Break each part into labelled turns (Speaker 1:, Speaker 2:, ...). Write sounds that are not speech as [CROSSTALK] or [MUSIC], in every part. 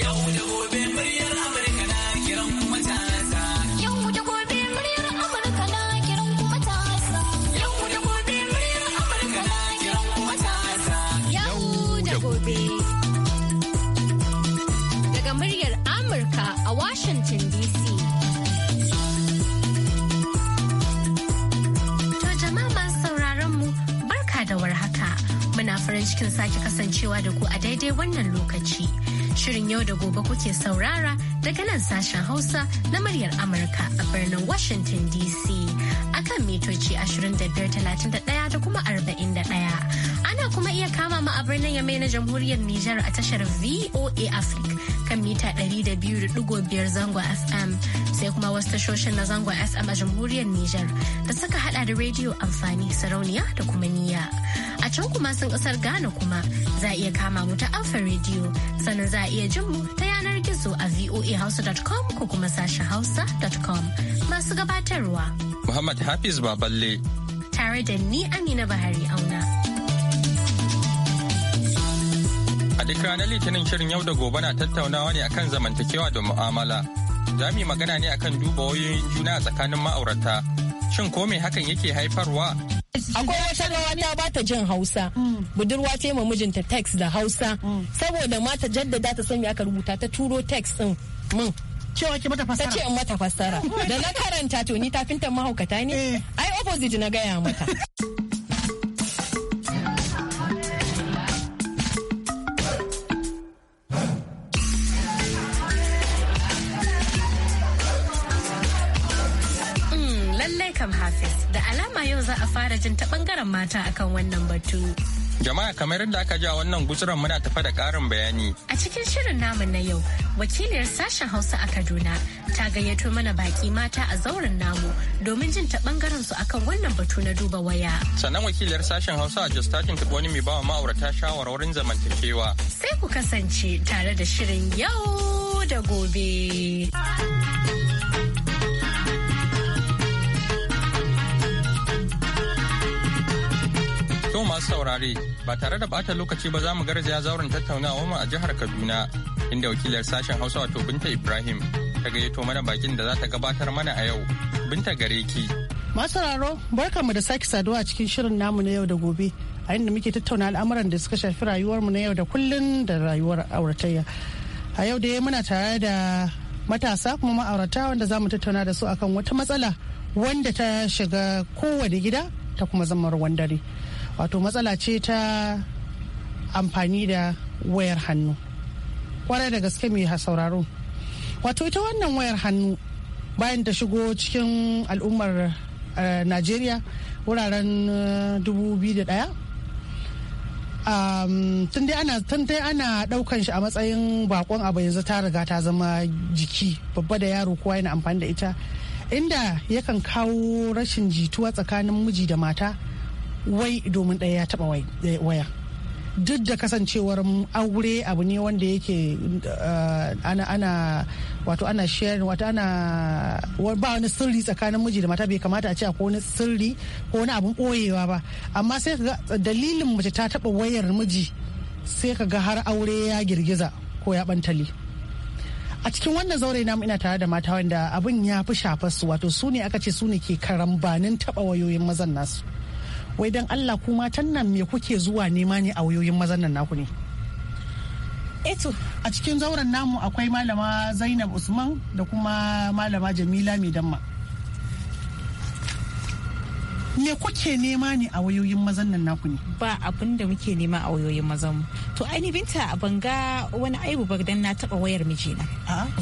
Speaker 1: da gobe muryar Amurka na kiran da gobe muryar Amurka na kiran da gobe muryar Amurka
Speaker 2: na kiran da gobe. Daga muryar Amurka a Washington DC. To jama'a masu sauraron barka da warhaka. Muna farin cikin sake kasancewa da ku a daidai wannan lokaci. Shirin yau da gobe kuke saurara daga nan sashen Hausa na muryar Amurka a birnin Washington DC kan mitoci 2531 da kuma 41. Ana kuma iya kama mu a birnin Yamai na Jamhuriyar Nijar a tashar VOA Africa kan mita 200.5 zango FM sai kuma wasu tashoshin na zango FM a jamhuriyar Nijar da suka hada da rediyo amfani sarauniya da kuma niyya. A can kuma sun kasar Ghana kuma za a iya kama mu ta Alfa rediyo sannan za a iya jin mu ta yanar gizo a voahausa.com ko kuma sashen hausa.com masu gabatarwa.
Speaker 3: Muhammad Hafiz Baballe.
Speaker 2: Tare da ni Amina Bahari Auna.
Speaker 3: A duk ranar Litinin shirin yau da gobe na tattaunawa ne akan zamantakewa da mu'amala. Za mu yi magana ne akan duba wayoyin juna tsakanin ma'aurata. Shin ko me hakan yake haifarwa?
Speaker 4: Akwai wata rawa ta ba ta jin Hausa. Budurwa ce ma mijinta text da Hausa. Saboda mata jaddada ta sanya aka rubuta ta turo text din mun. Ta ce in mata fassara. Da na karanta to ni finta mahaukata ne. Eh. Ai opposite na gaya mata.
Speaker 2: Hisham Hafiz da alama yau za a fara jin ta bangaren mata akan wannan batu.
Speaker 3: Jama'a kamar yadda aka ja wannan gutsuran muna tafa da karin bayani.
Speaker 2: A cikin shirin namu na yau, wakiliyar sashen Hausa a Kaduna ta gayyato mana baki mata a zauren namu domin jin ta bangaren su akan wannan batu na duba waya.
Speaker 3: Sannan wakiliyar sashen Hausa a Jos ta wani mai bawa ma'aurata shawarwarin zamantakewa. Sai
Speaker 2: ku kasance tare da shirin yau da gobe.
Speaker 3: masu saurare ba tare da bata lokaci ba za mu garzaya zauren tattaunawa mu a jihar Kaduna inda wakilar sashen Hausa wato Binta Ibrahim ta gayyato mana bakin da za ta gabatar mana a yau. Binta gareki. ki.
Speaker 5: Masu sauraro barkamu da sake saduwa a cikin shirin namu na yau da gobe a inda muke tattauna al'amuran da suka shafi rayuwarmu na yau da kullun da rayuwar auratayya. A yau dai muna tare da matasa kuma ma'aurata wanda za mu tattauna da su akan wata matsala wanda ta shiga kowane gida ta kuma zama ruwan dare. wato matsala ce ta amfani da wayar hannu kwarai da gaske mai sauraro wato ita wannan wayar hannu bayan ta shigo cikin al'ummar eh, najeriya wuraren 2001 eh, um, tun dai ana tun ana daukan shi a matsayin bakon abu yanzu ta riga ta zama jiki babba da yaro kowa yana amfani da ita inda yakan kawo rashin jituwa tsakanin miji da mata wai domin ɗaya ya taɓa eh, waya duk da kasancewar aure abu ne wanda yake eh, ana ana wato ana sharing wato ana ba wani sirri tsakanin miji da mata bai kamata a ce ko wani sirri ko wani abun boyewa ba amma sai ka ga dalilin mace ta taba wayar miji sai ka ga har aure ya girgiza ko ya bantali a cikin wannan zaure na ina tare da mata wanda abin ya fi shafar su wato su ne aka ce su ne ke karambanin taba wayoyin mazan nasu wai dan Allah kuma matan nan me kuke zuwa nema ne a wayoyin mazan nan naku ne eto eh a cikin zauren namu akwai malama Zainab Usman da kuma malama Jamila damma
Speaker 6: me kuke nema ne a wayoyin mazan nan naku ne ba abin da muke nema a wayoyin mazan mu to aini binta ban ga wani aibu ba dan na taba wayar mijina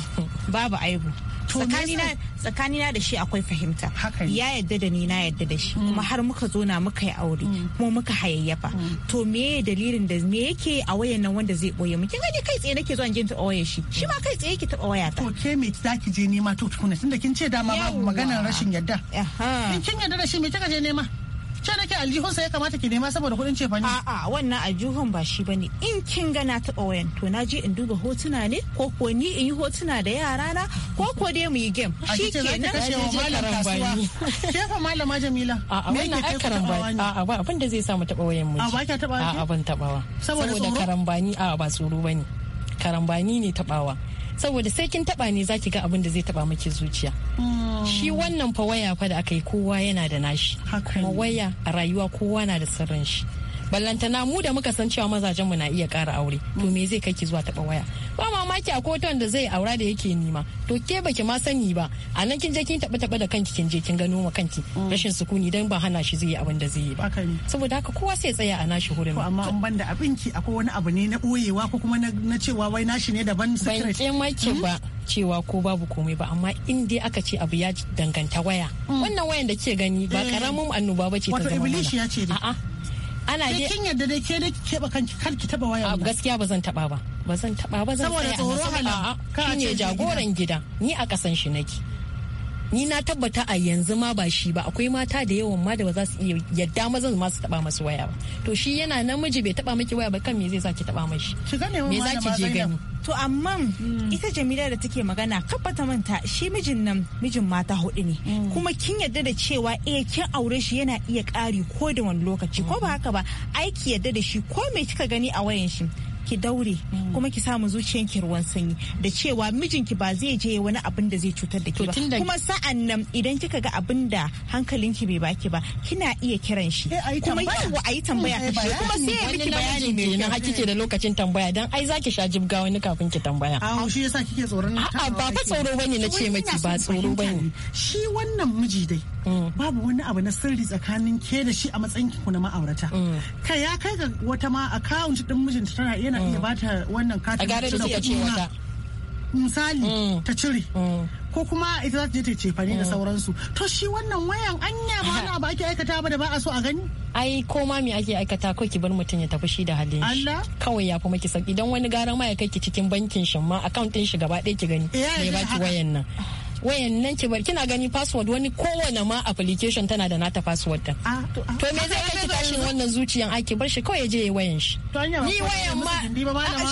Speaker 6: [LAUGHS] babu aibu tsakanina da shi akwai fahimta ya yadda da ni na yadda da shi kuma mm. har muka zo na muka yi aure mm. kuma muka hayayyafa mm. to me dalilin da me yake a wayan nan wanda zai boye mu kin gani kai tsaye nake zuwa in ta wayar shi shi ma kai tsaye yake taba waya ta to ke me zaki je nema to tukuna tunda kin ce dama babu maganar rashin yadda kin yadda da shi me kika je je nema ce nake aljihun aljihunsa ya kamata ki nema saboda kudin ce fani. A'a wannan aljihun ba shi bane in kin ga na taɓa wayan to na je in duba hotuna ne ko ko ni in yi hotuna da yara na ko ko dai mu yi game. Shi ke nan kashe wa malam kasuwa. [LAUGHS] fa malama Jamila.
Speaker 5: A'a wannan karan karambani.
Speaker 4: A'a ba abin da zai sa mu taba wayan mu. A'a ba ka taba A'a ban taɓawa. Saboda karan bani a'a ba tsoro bane. Karambani ne taɓawa. saboda sai kin taba ne zaki ga abin da zai taba miki zuciya
Speaker 1: shi wannan
Speaker 4: fa waya fa da aka yi kowa yana da nashi kuma waya a rayuwa kowa na da sirrin shi ballantana mu da muka san cewa mazajen mu na iya ƙara aure to me zai kai ki zuwa taɓa waya ba mamaki a koton da zai aura da yake nima to ke baki ma sani ba a nan kin je kin taɓa taɓa da kanki kin je kin gano ma kanki mm. rashin sukuni dan ba hana shi zai yi abin da zai yi ba saboda haka kowa sai tsaya a nashi hurin amma an banda abinki akwai wani
Speaker 5: abu ne na boyewa ko kuma na cewa wai nashi ne daban secret ban maki hmm? ba
Speaker 4: cewa ko babu komai ba amma in dai aka ce abu ya danganta waya mm. wannan wayan da ke gani ba karamin eh. annoba ba ce ta zama mana wato ya ce ana dai kin yadda dai ke dai ke bakan ki kar ki taba waya a gaskiya ba zan taba ba ba zan taba ba zan saboda tsoro hala ka ce jagoran gida ni a kasan shi nake ni na tabbata a yanzu ma ba shi ba akwai mata da yawan ma da ba za su iya yadda mazan ma su taba masu waya ba to shi yana namiji bai taba miki waya ba kan me zai sa taba mashi me za ki je gani
Speaker 6: to amma hmm. ita Jamila da take magana kabba ta manta shi mijin nan mijin mata hudu ne hmm. kuma kin yadda da cewa eh kin aure shi yana iya kari ko da wani lokaci ko ba hmm. haka ba aiki yadda da shi ko me kika gani a wayan shi ki daure mm. kuma ki samu ki ruwan sanyi da cewa mijinki ba zai je wani abin da zai cutar da ki ba kuma sa'an nan idan kika ga abin da hankalinki bai baki ba kina iya kiran shi eh, kuma yawa a yi tambaya eh, kuma sai ya miki bayani mai kyau haki kike da
Speaker 4: lokacin tambaya dan ai zaki sha jibga wani kafin ki tambaya a ah, shi yasa kike tsoron a'a ba fa tsoro bane na ce miki ba tsoro bane shi wannan miji dai Mm. babu wani abu na sirri
Speaker 5: tsakanin ke da shi a matsayin ku na ma'aurata mm. kai ya kai ga wata ma account din mijinta tana yana iya mm. bata wannan katin da misali ta cire
Speaker 4: ko kuma ita za ta je ta ce ne da sauransu to shi wannan wayan anya ba wani abu ake aikata ba da ba a so a gani ai ko ma me ake aikata ko ki bar mutum ya tafi shi da halin shi kawai ya fi maki sauki idan wani garan ma ya kai ki cikin bankin shin ma account din shi gaba ɗaya ki gani me baki wayan nan Wayan nan ce bari kina gani password wani kowane ma application tana da nata password ah, ta. Ah. to me zai kai tashi wannan zuciyan ake bar shi kawai ya je ya wayan shi ni wayan
Speaker 5: ma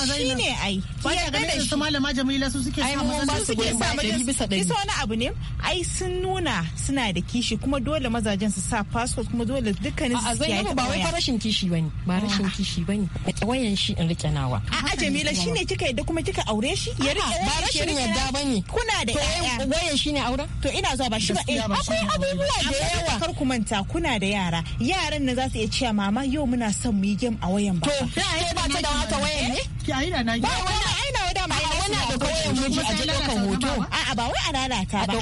Speaker 5: shi ne ai
Speaker 6: ba ya ga da shi malama jamila su suke sa ba su suke sa maza bisa dai bisa wani abu ne ai sun nuna suna da kishi kuma dole mazajen su sa password kuma dole dukkanin su ya ba wai fa rashin
Speaker 4: kishi bane ba rashin kishi bane wayan shi in rike nawa
Speaker 6: a'a jamila shine kika yadda kuma kika aure shi ya rike ba rashin yadda bane kuna da shi ne auren to ina zuwa ba shi ba eh, akwai abubuwa da yawa kar ku manta kuna da yara yaran na za su iya cewa mama yau muna son mu yi gem a wayan ba to ba ta da wata wayan ne eh, ki da na ba wannan na wada ma aina da wayan miji a jikin hoto a ba wai a lalata ba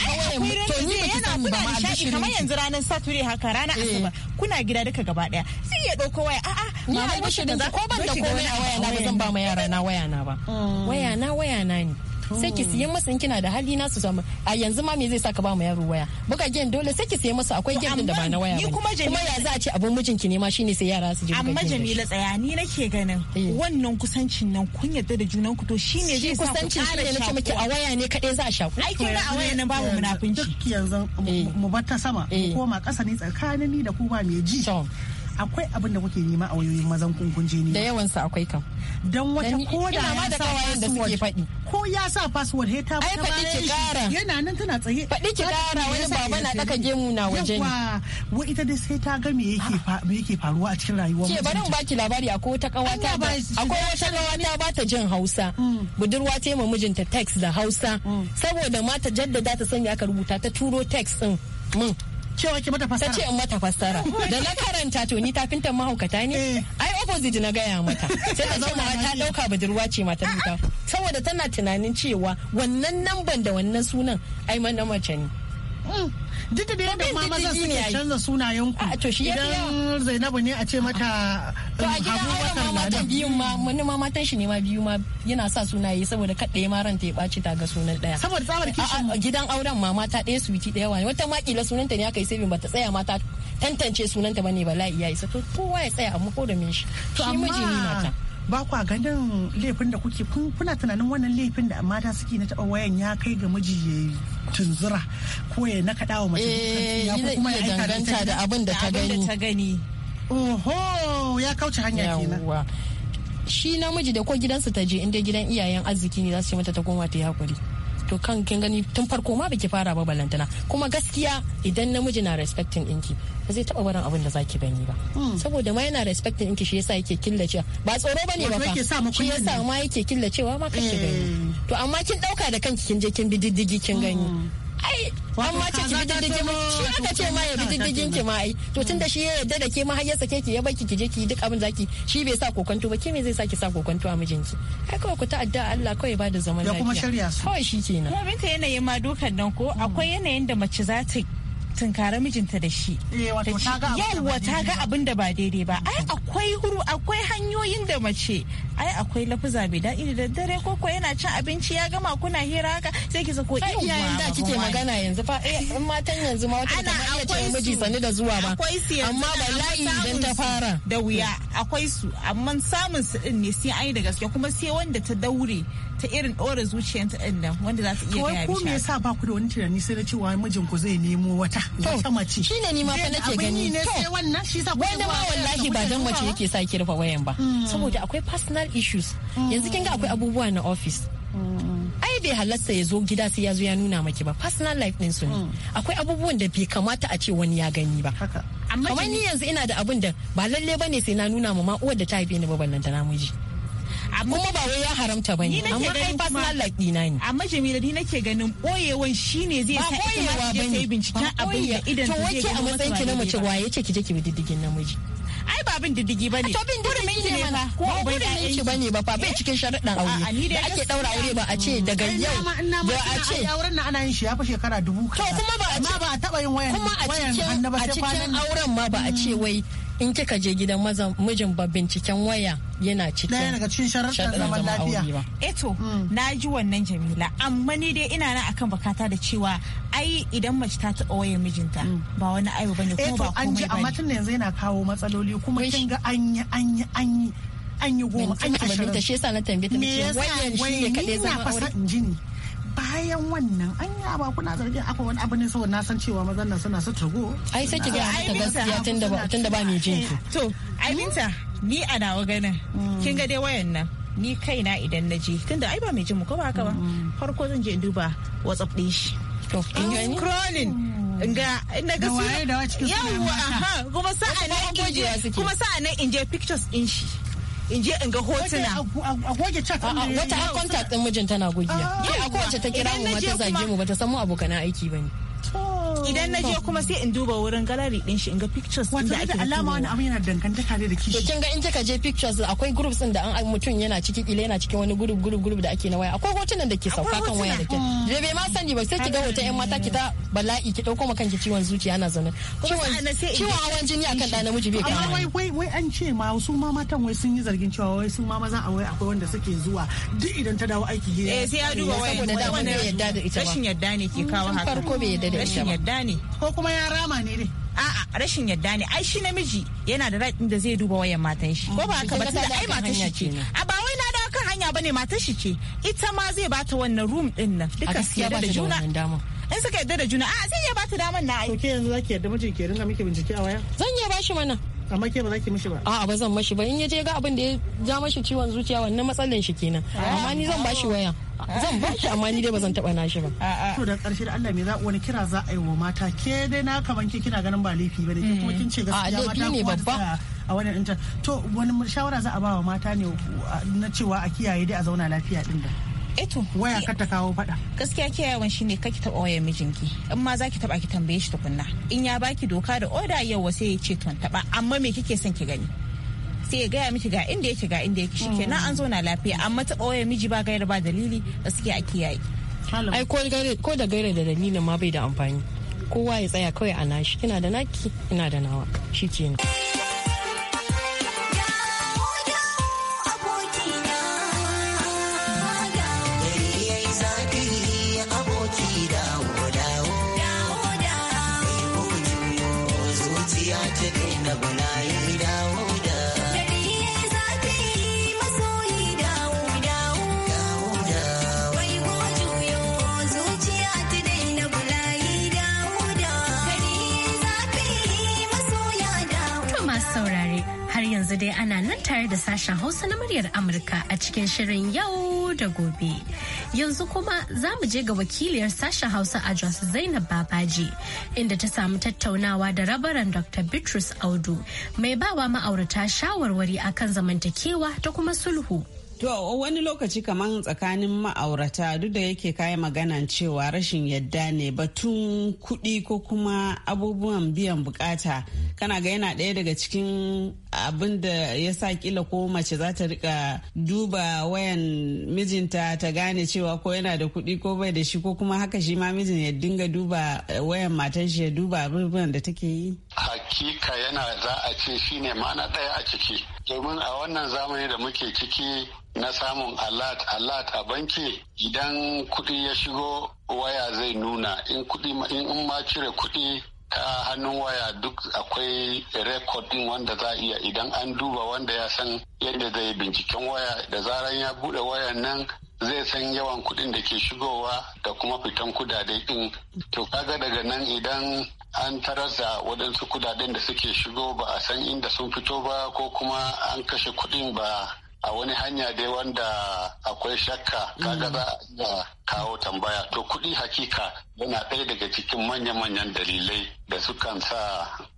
Speaker 6: to ni yana kuna nishadi kamar yanzu ranar saturday haka ranar eh. asabar kuna gida duka gaba daya sai ya dauko waya ni mama ba shi da ko ban da komai a waya
Speaker 4: na ba zan ba ma yara na waya na ba mm. waya na waya na ne sai ki siyan masa in kina da hali na su samu a yanzu ma me zai sa ka ba mu yaro waya buga game dole sai ki siyan masa akwai game da ba na waya kuma ya za a ce abun mijinki ne ma shine sai yara su je amma Jamila
Speaker 6: tsayani nake ganin eh. wannan kusancin
Speaker 4: nan kun yarda da junan ku to shine zai sa kusancin ne nake miki a waya
Speaker 6: ne kadai za a shaku
Speaker 5: ai kin a waya nan babu munafinci duk yanzu eh. mu bar ta sama eh. ko ma kasa ne tsakanin ni da ku ba me ji akwai abin da kuke nema a wayoyin mazan kunkunje ne da yawan su akwai kan dan wata ko da ya sa da suke fadi. ko ya sa password he ta ai faɗi ki gara yana nan tana tsaye faɗi ki gara wani baba na daka gemu na waje ne wa ita dai
Speaker 4: sai ta ga me yake me yake faruwa a cikin rayuwar ke bari in baki labari akwai wata kawata akwai wata kawata ba ta jin Hausa mm. budurwa ta yi mijinta text da Hausa mm. saboda mata jaddada ta sanya aka rubuta ta turo text din mun mm. cewa ki mata fassara. Ta ce in mata fassara. Da na karanta to ni tafintan mahaukata ne. Eh. Ai opposite na gaya mata.
Speaker 1: Sai ta zauna ta
Speaker 4: dauka budurwa ce mata ta. Saboda tana tunanin cewa wannan namban da wannan sunan ai mana mace ne. Hmm. duk da yadda ma maza suke canza sunayen ku idan Zainabu ne a ce mata Abubakar Ladan biyun ma wani ma matan shi ne ma biyu ma yana sa sunaye saboda kaɗe ma ran ta ya ɓaci ta ga sunan ɗaya saboda tsawar kishin gidan auren ma mata ɗaya suwiti ɗaya wani wata ma kila sunanta ne aka yi sai ta tsaya mata tantance sunanta ba ne bala'i ya isa to kowa ya tsaya amma ko da min shi
Speaker 1: shi miji ne mata
Speaker 4: ba kwa
Speaker 5: ganin laifin da kuke kuna tunanin wannan laifin da mata suke na taɓa wayan ya kai ga miji ya tunzura ko ya na nakaɗa wa mace eh, ya kuma ya danganta da abin da ta gani ya kauce hanya kenan
Speaker 4: shi namiji da ko gidansa ta je inda gidan iyayen arziki ne za su yi mata ta koma ta yi hakuri to kan kin gani tun farko ma baki fara ba balantana kuma gaskiya idan namiji na respecting inki ba zai taɓa barin abin da zaki gani ba hmm. saboda ma yana respecting inki shi yasa yake killacewa ba tsoro bane ba fa shi yasa ma yake killacewa ma kake gani eh. to amma kin ɗauka da kanki kin je kin bi diddigi kin gani hmm.
Speaker 1: ai an wace ki bididdige mu shi aka ce ma ya bididdigin ki ma ai
Speaker 4: to tun da shi ya yarda da ke ma har ya sake ki ya baki ki je ki duk abin zaki shi bai sa kokonto ba ke me zai sa ki sa kokonto a mijinki ai
Speaker 6: kawai ku ta'adda Allah kawai ba da zaman lafiya ya kuma shirya su kawai shi kenan kuma binka yanayin ma dukan nan ko akwai yanayin da mace za ta tunkara mijinta da shi eh, Yawa ta ga abin da ba daidai ba ai akwai huru akwai hanyoyin da mace ai akwai lafuza bai daɗi da daddare ko ko yana cin abinci ya gama kuna hira haka sai ki zako iya yayin da kike magana yanzu fa eh, in matan yanzu ma wata kamar iya ce miji sani da zuwa ba amma bala'i idan ta fara da wuya akwai su amma samun su din ne sai ai da gaske kuma sai wanda ta daure ta irin ɗora zuciyanta din nan wanda za ta iya gaya kawai ko me
Speaker 5: yasa ba ku da wani tunani sai na cewa mijin ku zai nemo wata to mace shine ni ma fa nake gani ne sai wannan shi sa wanda ma wallahi ba dan mace yake
Speaker 4: sa ki rufe wayan ba
Speaker 5: mm. saboda
Speaker 4: akwai personal issues mm. yanzu kin ga akwai abubuwa na office mm. ai bai halarta ya zo gida sai ya zo ya nuna maki ba personal life din su ne akwai abubuwan da bai kamata a ce wani ya gani ba kamar ni yanzu ina da abun da ba lalle ne sai na nuna ma uwar da ta haife ni ba ballan da namiji
Speaker 6: kuma ba wai ya haramta ba ne amma ai personal life dina ne amma Jamila ni nake ganin boyewan shine zai sa ita ma ta sai binciken abin da idan to je a matsayin ki na mace wa ce ki je ki bi diddigin namiji ai ba bin diddigi bane to bin diddigi ne mana ko ba gurin ki bane
Speaker 4: ba fa bai eh? cikin sharuɗan aure da ake daura aure ba a ce daga yau ba a ce wurin na ana yin shi ya fa shekara dubu to kuma ba a ce ba a taba yin wayan wayan annabi sai kwanan auren ma ba a ce hmm. wai in kika je gidan mijin ba binciken waya yana cikin ɗaya daga cikin
Speaker 5: sharaɗin zaman lafiya
Speaker 6: eto hmm. na ji wannan jamila amma ni dai ina nan akan bukata da cewa ai idan mace ta taɓa wayar mijinta hmm. ba wani aibu bane kuma ba komai bane an ji amma tun
Speaker 5: yanzu yana kawo matsaloli kuma kin ga anyi anyi anyi an yi goma an yi ashirin. shi yasa na tambaye ta me yasa wayan shi ne kaɗai zama aure. fasa injini? bayan wannan an yi ba kuna zargin akwai wani abu ne saboda na san cewa mazan nan suna su turgo ai sai ki ga mata gaskiya tunda ba tunda ba mai jin ki eh,
Speaker 6: to ai ni a nawa ganin mm. kin ga dai wayan nan ni kaina idan na je tunda ai ba mai jin mu ko ba haka ba mm. farko zan je in duba whatsapp din shi to mm. in ga na ga su yawwa kuma sa'a nan in je pictures din shi in je in ga hotuna a goge chat wata a contact din
Speaker 4: mijin tana gogiya ah, ke a kowace ta ah, kira mu mata zage mu bata
Speaker 6: san mu abokan aiki bane
Speaker 4: idan na je kuma
Speaker 6: sai in duba wurin gallery din shi in ga pictures din da ake alama wani abu yana dangantaka ne da kishi to
Speaker 4: kin ga in kika je pictures akwai groups din da an mutum yana ciki kila yana cikin wani group group group da ake na waya akwai hotunan da ke sauka kan waya da ke je bai ma sani ba sai ki ga hoton yan mata ki ta bala'i ki dauko maka kanki ciwon zuciya ana zaune ciwon hawan jini akan da namiji bai kama wai
Speaker 5: wai wai an ce ma su ma matan wai sun yi zargin cewa wai sun ma maza a wai akwai wanda suke zuwa duk idan ta dawo aiki ke eh sai ya duba waya saboda da wannan yadda da ita ba rashin yadda ne
Speaker 6: ke kawo haka farko bai da ita ba ne ko kuma ya rama ne dai a'a rashin yadda ne ai shi namiji yana da raɗin da zai duba wayan matan shi ko ba ka ba tunda ai matan shi ce a ba wai na dawo kan hanya bane matan shi ce ita ma zai bata wannan room din nan duka su yadda da juna
Speaker 4: in
Speaker 6: suka yadda da juna a zai iya bata daman na ai to ke yanzu zaki yadda mijin ke ringa miki bincike a waya
Speaker 5: zan
Speaker 4: iya bashi mana amma ke ba za ki mishi ba a'a ba zan mashi ba in yaje ga abin da ya ja mashi ciwon zuciya wannan matsalan shi kenan amma ni zan bashi waya zan bashi amma ni dai ba zan taba nashi ba to
Speaker 5: da karshe da Allah me za wani kira za a yi wa mata ke dai na kaman ke kina ganin ba laifi bane ke kuma mm. kin ce gaskiya mata ne babba a wannan inta to wani shawara za a ba wa mata ne na
Speaker 6: cewa a kiyaye dai a zauna lafiya din da eto waya ka ta kawo fada. gaskiya kiyayewan shine ki taɓa wayar mijinki in ma zaki taɓa ki tambaye shi tukunna in ya baki doka da oda yau sai ya ce ton taɓa amma me kike son ki gani sai ya gaya miki ga inda yake ga inda yake shike na mm. an zo na lafiya amma ta ɓoye miji ba gaira ba dalili gaskiya a kiyaye. ai ko da gaira da dalilin ma bai da amfani
Speaker 4: kowa ya tsaya kawai a nashi kina da naki ina da nawa
Speaker 6: shikenan.
Speaker 2: yanzu dai ana nan tare da sashen Hausa na muryar Amurka a cikin shirin yau da gobe. Yanzu kuma za mu je ga wakiliyar sashen Hausa a Jos Zainab Babaji inda ta samu tattaunawa da rabaran Dr. Bitrus Audu mai bawa ma'aurata shawarwari akan zamantakewa ta kuma sulhu.
Speaker 7: To wani lokaci kamar tsakanin ma'aurata duk da yake kayi magana cewa rashin yadda ne batun kuɗi ko kuma abubuwan biyan bukata kana ga yana ɗaya daga cikin abin da ya sa kila ko mace za ta rika duba wayan mijinta ta gane cewa ko yana da kuɗi ko bai da shi ko kuma haka shi ma mijin ya dinga duba eh, wayan matan shi ya duba abubuwan da take yi.
Speaker 8: Hakika yana za a ce shine ma ɗaya a ciki. domin a wannan zamani da muke ciki na samun alat alat a banki idan kuɗi ya shigo waya zai nuna in kuɗi in ma cire kuɗi ta hannun waya duk akwai rekodin wanda za a iya idan an duba wanda ya san yadda zai binciken waya da zaran ya bude waya nan zai san yawan kuɗin da ke shigowa da kuma fitan kudade ɗin to kaga daga nan idan an tarar da waɗansu kudaden da suke shigo ba a san inda sun fito ba ko kuma an kashe kuɗin ba a wani hanya dai wanda akwai shakka kaga za a kawo tambaya to kuɗi hakika yana ɗaya daga cikin manya-manyan dalilai da sukan sa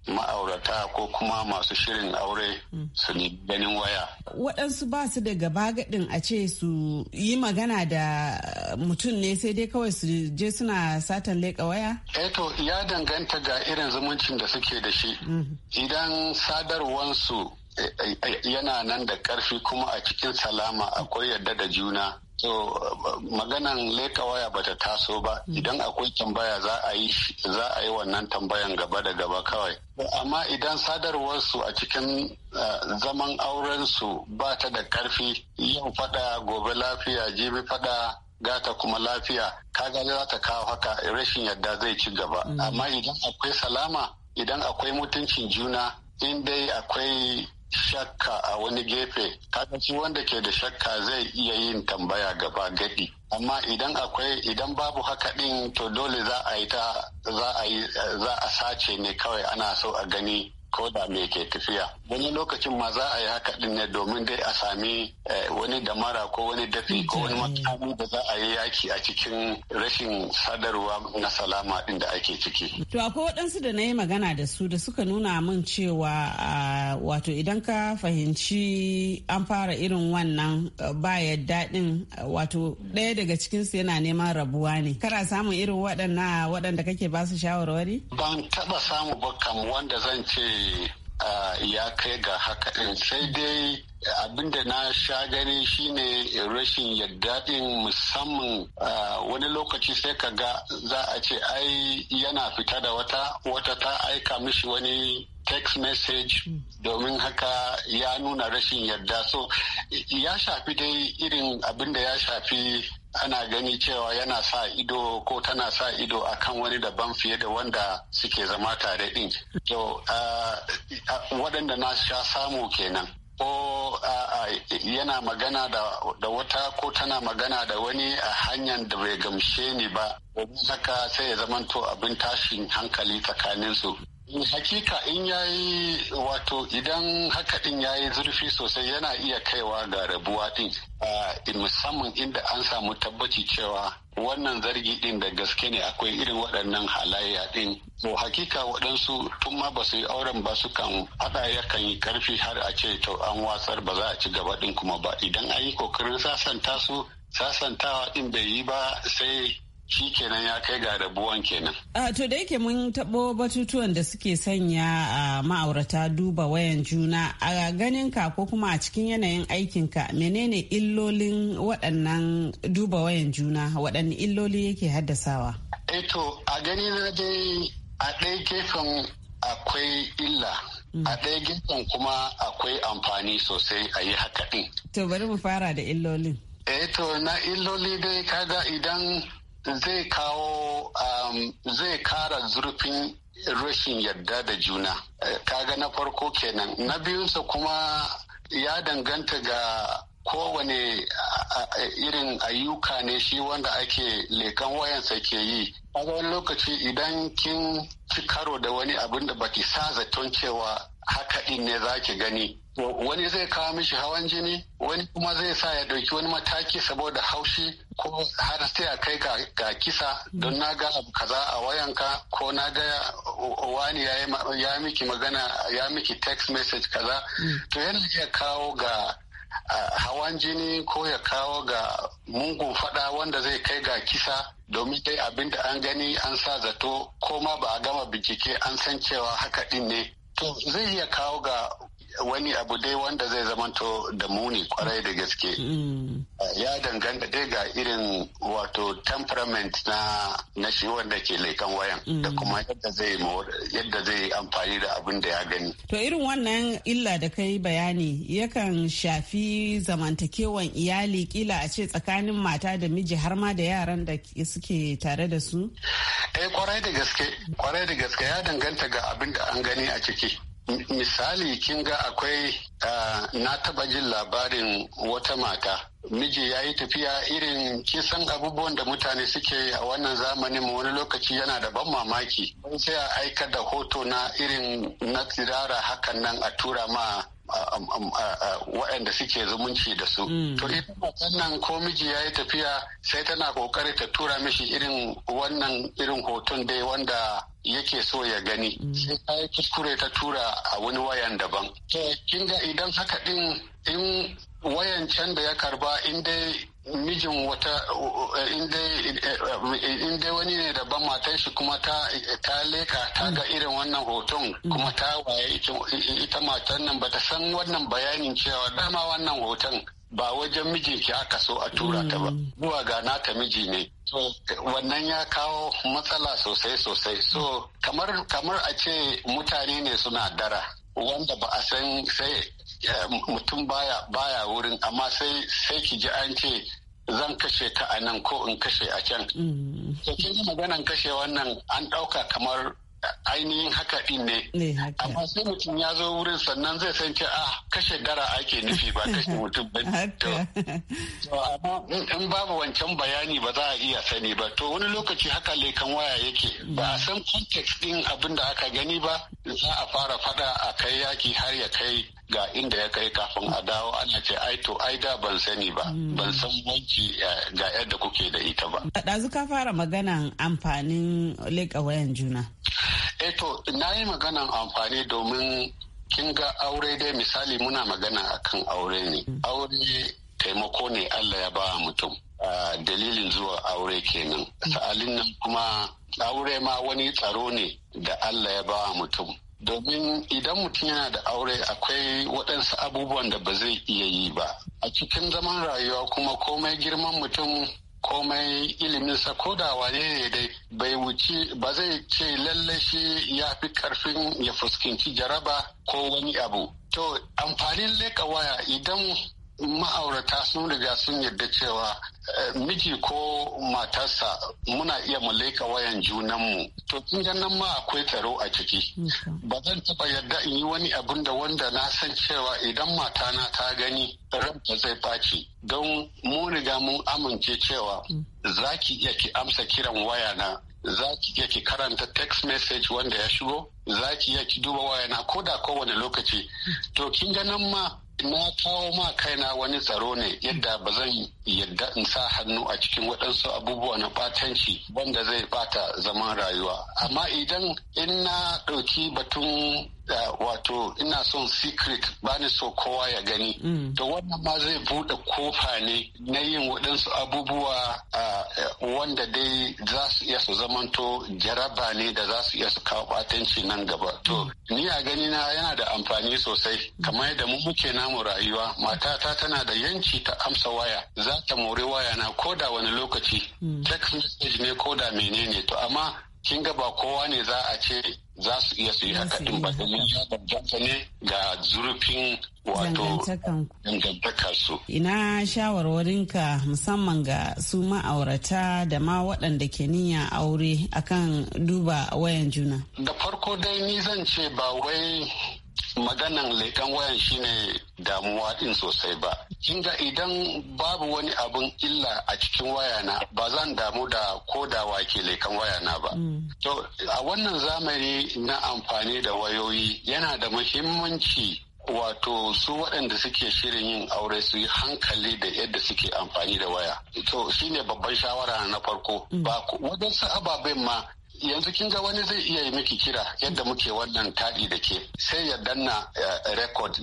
Speaker 8: ma'aurata ko kuma masu shirin aure su ne ganin waya.
Speaker 7: Waɗansu ba su da gaba gaɗin a ce su yi magana da mutum ne sai dai kawai su je suna satan leƙa waya?
Speaker 8: Eto eh ya danganta ga irin zumuncin da suke da shi. Mm. Idan sadarwansu yana nan da karfi kuma a cikin salama akwai yadda da juna so maganan leka waya bata taso ba idan akwai tambaya za a yi za a yi wannan tambayan gaba da gaba kawai amma idan sadarwar su a cikin eh, zaman aurensu ba ta da karfi yau fada gobe lafiya jibi fada gata kuma lafiya kaga za ta kawo haka rashin yadda zai ci gaba mm. amma idan akwai salama idan akwai mutuncin juna in dai akwai shakka a wani gefe kaga shi wanda ke da shakka zai iya yin tambaya gaba gadi amma idan akwai idan babu haka din to dole za a yi ta za a sace ne kawai ana so a gani ko da me ke tafiya wani lokacin ma za a yi haka din ne domin dai a sami eh, wani damara ko wani dafi ko wani matsami da za a yi yaki a cikin rashin sadarwa na salama din da ake ciki
Speaker 7: to akwai waɗansu da na yi magana da su da suka nuna min cewa wato idan ka fahimci an fara irin wannan eh, ba yadda din eh, wato ɗaya daga cikinsu yana neman rabuwa ne kana samun irin waɗannan waɗanda kake ba su shawarwari
Speaker 8: ban taɓa samu ba kam wanda zan ce ya kai ga haka ɗin sai dai abin da na sha gani shine rashin yadda ɗin musamman wani lokaci sai ka ga za a ce ai yana fita da wata wata ta aika mishi wani text message domin haka ya nuna rashin yadda so ya shafi dai irin abin da ya shafi ana gani cewa yana sa ido ko tana sa ido akan wani daban fiye da wanda suke zama tare din to waɗanda na sha samu kenan ko yana magana da wata ko tana magana da wani a hanyar da bai gamshe ni ba haka sai ya zamanto abin tashin hankali tsakaninsu hakika in yayi wato idan haka din yayi zurfi sosai yana iya kaiwa ga rabuwa din musamman inda an samu tabbaci cewa wannan zargi din da gaske ne akwai irin waɗannan halayya din to hakika waɗansu tun ma ba su yi auren ba su kan haɗa yakan yi karfi har a ce to an watsar ba za a ci gaba din kuma ba idan an yi kokarin sasanta su sasantawa din bai yi ba sai shi kenan ya kai ga rabuwan kenan.
Speaker 7: A to da yake mun taɓo batutuwan da suke sanya a ma'aurata duba wayan juna a ganin ka ko kuma a cikin yanayin aikinka menene illolin waɗannan duba wayan juna waɗanne illoli yake haddasawa?
Speaker 8: E to a gani na dai a ɗaya gefen akwai illa mm. a ɗaya gefen kuma akwai amfani sosai a yi haka ɗin.
Speaker 7: To bari mu fara da illolin.
Speaker 8: Eh, to na illoli dai kaga idan zai kawo um, zai kara zurfin rashin yadda da juna eh, kaga na farko kenan na biyunsa kuma ya danganta ga kowane irin ayyuka ne shi wanda ake lekan wayansa ke yi A wani lokaci idan kin ci karo da wani abin da baki sa zaton cewa haka din ne za ki gani wani zai kawo mishi hawan jini wani kuma zai sa ya doki wani mataki saboda haushi ko har sai a kai ga kisa don na ga kaza a wayanka ko na ga wani ya miki magana ya miki text message kaza mm. to yana ya kawo ga hawan jini ko ya kawo ga mungun fada wanda zai kai ga kisa domin dai abinda an gani an sa zato ko ma ba a gama bincike an san cewa haka din ne to zai iya kawo ga wani abu dai wanda zai zamanto da muni kwarai da gaske
Speaker 1: mm.
Speaker 8: ya danganta dai ga irin wato temperament na na shi wanda ke laikan wayan mm. da kuma yadda zai yadda zai amfani da abin da ya gani
Speaker 7: to irin wannan illa da kai bayani yakan shafi zamantakewan iyali kila a ce tsakanin mata da miji har ma da yaran da suke tare da su
Speaker 8: eh kwarai da gaske kwarai da gaske ya danganta ga abin da an gani a ciki misali kin ga akwai ah, na taba jin labarin wata mata miji ya yi tafiya irin kisan abubuwan da mutane suke a wannan zamanin wani lokaci yana da ban mamaki sai a aika da hoto na irin na tsirara hakan nan a tura ma ah, ah, waɗanda suke zumunci da su. Mm. To ita nan ko miji ya yi tafiya sai tana kokari ta tura mishi irin wannan irin hoton dai wanda yake so ya gani mm. sai ka yi kuskure ka tura a wani wayan daban to kinga idan haka ɗin in wayan can da ya karba in dai mijin wata in dai wani ne daban matar shi kuma ta leka ta ga mm. irin wannan hoton mm. kuma ta waye ita matan nan bata san wannan bayanin cewa dama wannan hoton ba wajen miji ke aka so a tura ta ba mm. zuwa ga nata miji ne so wannan ya kawo matsala sosai sosai so kamar kamar a ce mutane ne suna dara wanda ba a san sai eh, mutum baya baya wurin amma sai sai ki ji an ce zan kashe ka a nan ko in kashe a can. Cikin mm. maganan kashe wannan an ɗauka kamar ainihin haka din
Speaker 7: ne
Speaker 8: amma sai mutum ya zo wurin sannan zai san ce a ah, kashe gara ake nufi ba kashe
Speaker 1: mutum ba to
Speaker 8: amma in babu wancan bayani ba za a iya sani ba to wani lokaci haka lekan waya yake ba a san context ɗin abin da aka gani ba za a fara fada a kai yaki har ya kai ga inda ya kai kafin a dawo ana ce ai to ai da ban sani ba hmm. ban san wanki eh, ga yadda kuke da ita ba
Speaker 7: a ɗazu ka fara maganan
Speaker 8: amfanin
Speaker 7: leƙa wayan juna
Speaker 8: eh to na yi maganan amfani domin kin ga aure dai misali muna magana akan aure ne hmm. aure taimako ne allah ya ba mutum dalilin zuwa aure kenan hmm. sa'alin nan kuma aure ma wani tsaro ne da allah ya ba mutum domin idan mutum yana da aure akwai waɗansu abubuwan da ba zai iya yi ba a cikin zaman rayuwa kuma komai girman mutum komai iliminsa ko da wane ne dai bai wuce ba zai ce lallashi shi ya fi karfin ya fuskanci jaraba ko wani abu to amfanin leƙa waya idan ma'aurata sun riga sun yadda cewa eh, miji ko matarsa muna iya mu leka wayan junanmu to kin ga ma akwai tsaro a ciki ba zan taba yadda in yi wani abun da wanda na san cewa idan matana ta gani ranta zai faci don mu riga mun amince cewa mm. za ki iya ki amsa kiran waya na za ki iya ki karanta text message wanda ya shigo za ki iya ki duba waya na ko da kowane lokaci mm. to kin ga ma na kawo ma kaina wani tsaro ne yadda ba zan yadda in sa hannu a cikin waɗansu abubuwa na ɓatanci wanda zai bata zaman rayuwa amma idan in na ɗauki batun wato ina son secret ni so kowa ya gani mm. to wannan ma zai bude kofa ne na yin waɗansu abubuwa wanda dai za su iya su zamanto jaraba ne da za su iya su kawo batanci nan gaba to mm. ni a gani na yana da amfani sosai mm. kamar yadda mu muke namu rayuwa matata tana da yanci ta amsa waya za ta more waya na koda wani lokaci text message ne koda menene to amma kin ga ba kowa ne za a ce za su iya su yi haka din ba domin ya danganta ne ga zurfin wato su.
Speaker 7: Ina shawarwarinka musamman ga su ma'aurata da ma waɗanda ke niyan aure akan duba wayan juna.
Speaker 8: Da farko dai ni zan ce ba wai maganan leƙen wayan shine damuwa din sosai ba. Kinga idan babu wani abin illa a cikin wayana ba zan damu da ko da wake lekan wayana ba. Mm. To a wannan zamani na amfani da wayoyi yana da muhimmanci wato su waɗanda suke shirin yin aure su yi hankali da yadda suke amfani da waya to shine babban shawara na farko mm. ba wajen su ababen ma yanzu kin ga wani zai iya yi miki kira yadda muke wannan taɗi da ke sai ya danna eh, record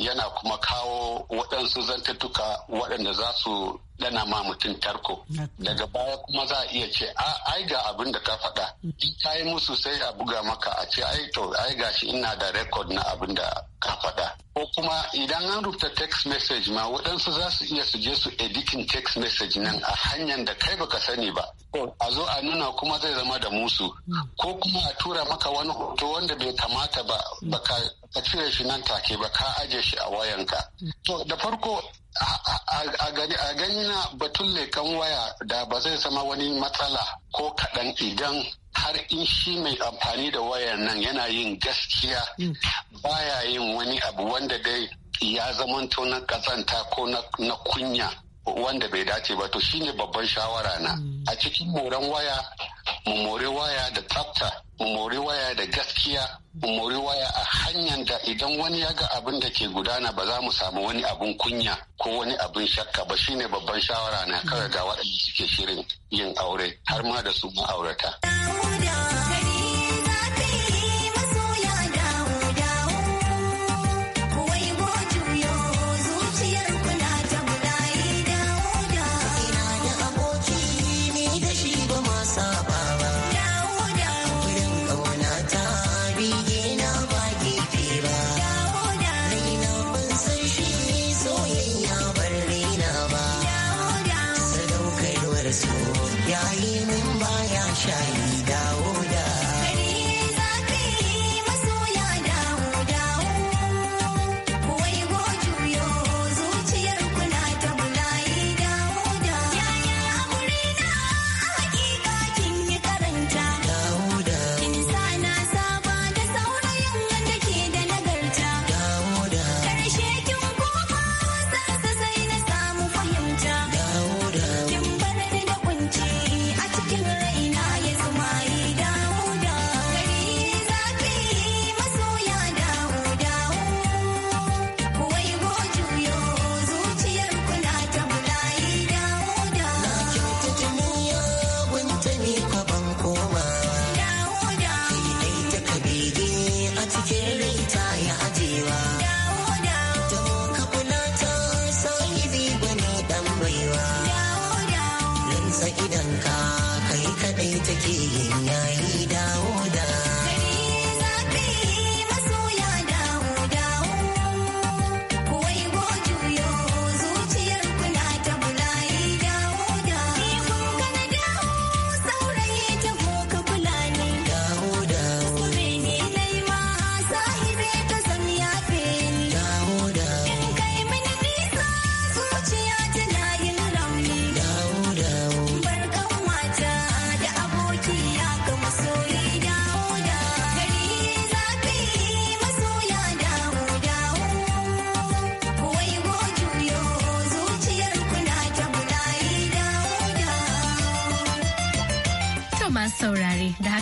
Speaker 8: yana kuma kawo waɗansu zantattuka waɗanda za su yana ma mutum tarko daga baya kuma za a iya ce ai ga abin da ka faɗa in ka yi musu sai a buga maka a ce ai to ai shi ina da rekod na abin da ka faɗa ko kuma idan an rubuta text message ma waɗansu za su iya su je su editing text message nan a hanyar da kai baka sani ba a zo a nuna kuma zai zama da musu hmm. ko kuma a tura maka wani hoto wanda bai kamata ba baka ka cire shi nan take ba ka aje shi a wayanka hmm. to da farko a gani na batun lekan waya da ba zai zama wani matsala ko kaɗan idan har in shi mai amfani da wayar nan yana yin gaskiya mm. baya yin wani abu wanda dai ya zamanto na kazanta ko na kunya wanda bai dace ba to shine babban shawara na a cikin moran waya mu more waya da tsafta mu more waya da gaskiya mu more waya a hanyar da idan wani ya ga abin da ke gudana ba za mu samu wani abin kunya ko wani abin shakka ba shine babban shawara na kawai ga waɗanda suke shirin yin aure har ma da su ma'aurata.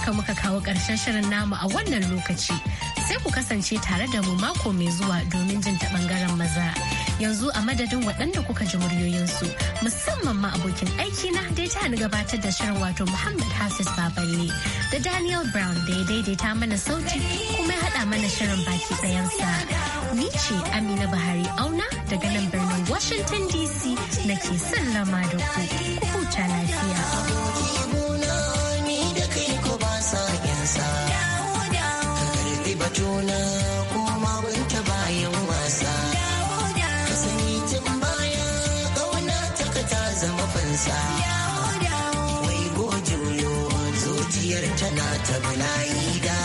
Speaker 2: haka muka kawo ƙarshen shirin namu a wannan lokaci sai ku kasance tare da mu mako mai zuwa domin jin ta ɓangaren maza yanzu a madadin waɗanda kuka ji muryoyinsu musamman ma abokin aiki na da ta ni gabatar da shirin wato muhammad hafiz baballe da daniel brown da ya daidaita mana sauti kuma ya haɗa mana shirin baki tsayansa ni ce amina buhari auna daga nan birnin washington dc nake sallama da ku ku huta lafiya
Speaker 1: juna kuma binta bayan wasa ka sani tun baya ƙauna ta ka ta zama fansa wai gojuyo zuciyar tana ta bala'i da